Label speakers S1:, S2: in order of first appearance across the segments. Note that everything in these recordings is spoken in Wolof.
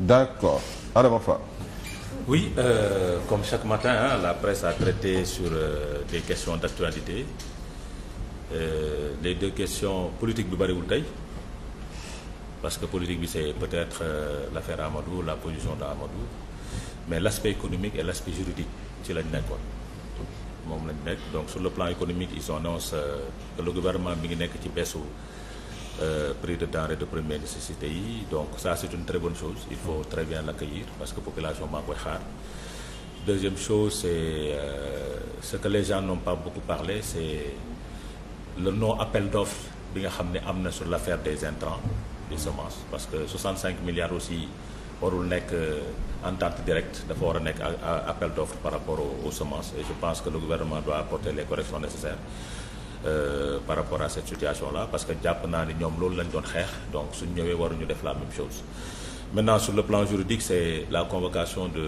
S1: D'accord. Adama Fall. Oui, euh, comme chaque matin, la presse a traité sur euh, des questions d'actualité. Euh, les deux questions politique bi bëriwul tey parce que politique bi c'est peut-être euh, l'affaire Amadou la position de Amadou mais l'aspect économique et l'aspect juridique ci lañ nekkoon moom lañ nekk donc sur le plan économique ils annoncent euh, que le gouvernement mi ngi nekk ci beesu Euh, prix de denrées de première nécessité yi donc ça c'est une très bonne chose il faut très bien l'accueillir parce que population maa koy xaar deuxième chose c'est euh, ce que les gens n'ont pas beaucoup parlé c'est le non appel d'offres bi nga xam ni am na sur l'affaire des intrants des semences parce que 65 milliards aussi warul nekk euh, entente directe dafa war a nekk appel d'offres par rapport aux, aux semences et je pense que le gouvernement doit apporter les corrections Euh, par rapport à cette situation là parce que jàpp naa ni ñoom loolu lañ doon xeex donc suñ ñëwee waruñu def la même chose maintenant sur le plan juridique c'est la convocation de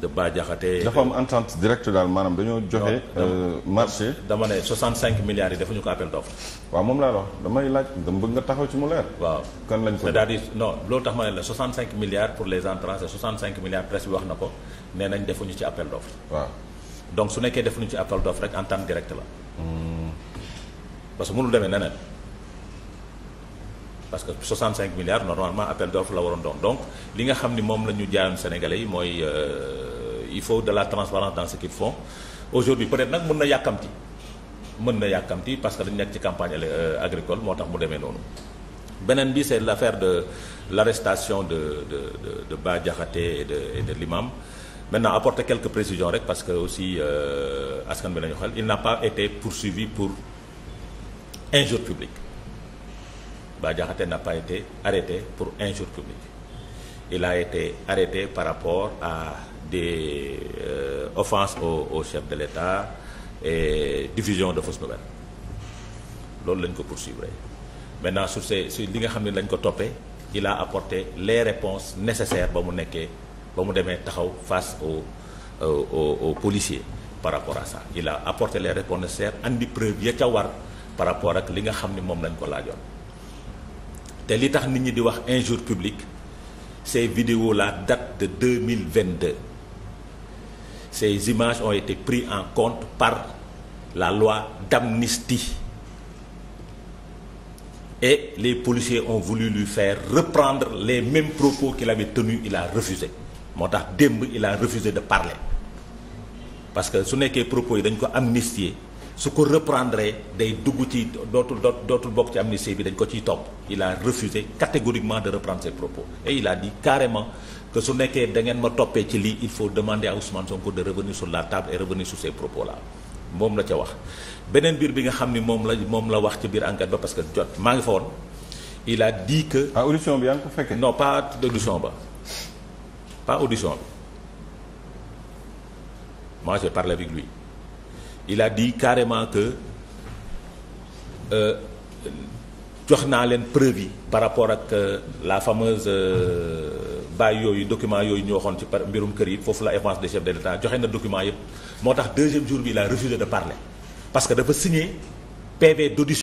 S1: de Bah Diakhaté dafa am entente directe daal maanaam dañoo joxe. Euh, marché dama ne 65 milliards yi defuñu ko appel d'offre. waa moom laa wax damay laaj dama bëgg nga taxaw ci mu leer. waaw kan lañ ko c'est-à-dire loolu tax ma ne la 65 milliards pour les entrants et 65 milliards presque wax na ko nee nañ defuñu ci appel d'offre. waaw. donc su nekkee def nañu ci appel d'offre rek entame direct la parce que munu demee neneen parce que 65 milliards normalement appel d'offre la waroon doon donc li nga xam ni moom la ñu jaayoon sénégalais yi mooy euh, il faut de la transparence dans ce qu'ils font aujourd'hui peut-être nag mun na yàkkamti mën na yàkkamti parce que dañu nekk ci campagne euh, agricole moo tax mu demee noonu beneen bi c'est l'affaire de l'arrestation de de de de Bah Diakhaté et de et de maintenant apporter quelques précisions rek parce que aussi euh, askan bi nañu xel il n'a pas été poursuivi pour injure publique Bah Diakhaté n'a pas été arrêté pour injure publique il a été arrêté par rapport à des euh, offenses au, au chef de l'État et diffusion de fausses nouvelles loolu lañ ko poursuivre maintenant sur ces sur li nga xam ne lañ ko toppee il a apporté les réponses nécessaires ba mu nekkee ba mu demee taxaw face au au au policier par rapport à ça il a apporté les réponses nécessaires andi preuve ya ca war par rapport ak li nga xam ni moom lañ ko laajoon te li tax nit ñi di wax un injure publique ces vidéos là datent de 2022 ces images ont été prises en compte par la loi d'amnistie et les policiers ont voulu lui faire reprendre les mêmes propos qu'il avait tenus il a refusé moo tax démb il a refusé de parler parce que su nekkee propos yi dañ ko amnistier su ko reprendre day dugg ci dootul dootul bokk ci amnistie bi dañ ko ciy topp il a refusé catégoriquement de reprendre ses propos et il a carrément que su nekkee da ngeen ma toppee ci lii il faut demander à Ousmane Sonko de revenir sur la table et revenir sur ces propos là moom la ca wax beneen biir bi nga xam ni moom la moom la wax ca biir enquête ba parce que jot maa ngi fa woon il a dit que. Ah, yaa ngi ko fekkee. non pas audition ba. pas audition bi moi j'ai parlé avec lui il a dit carrément que euh, jox naa leen preuve par rapport ak euh, la fameuse euh, bàyyi yooyu document yooyu ñu waxoon ci par mbirum kër yi foofu la avance de chef de l'État joxe na document yëpp moo tax deuxième jour bi il a refusé de parler parce que dafa signé PV d'audition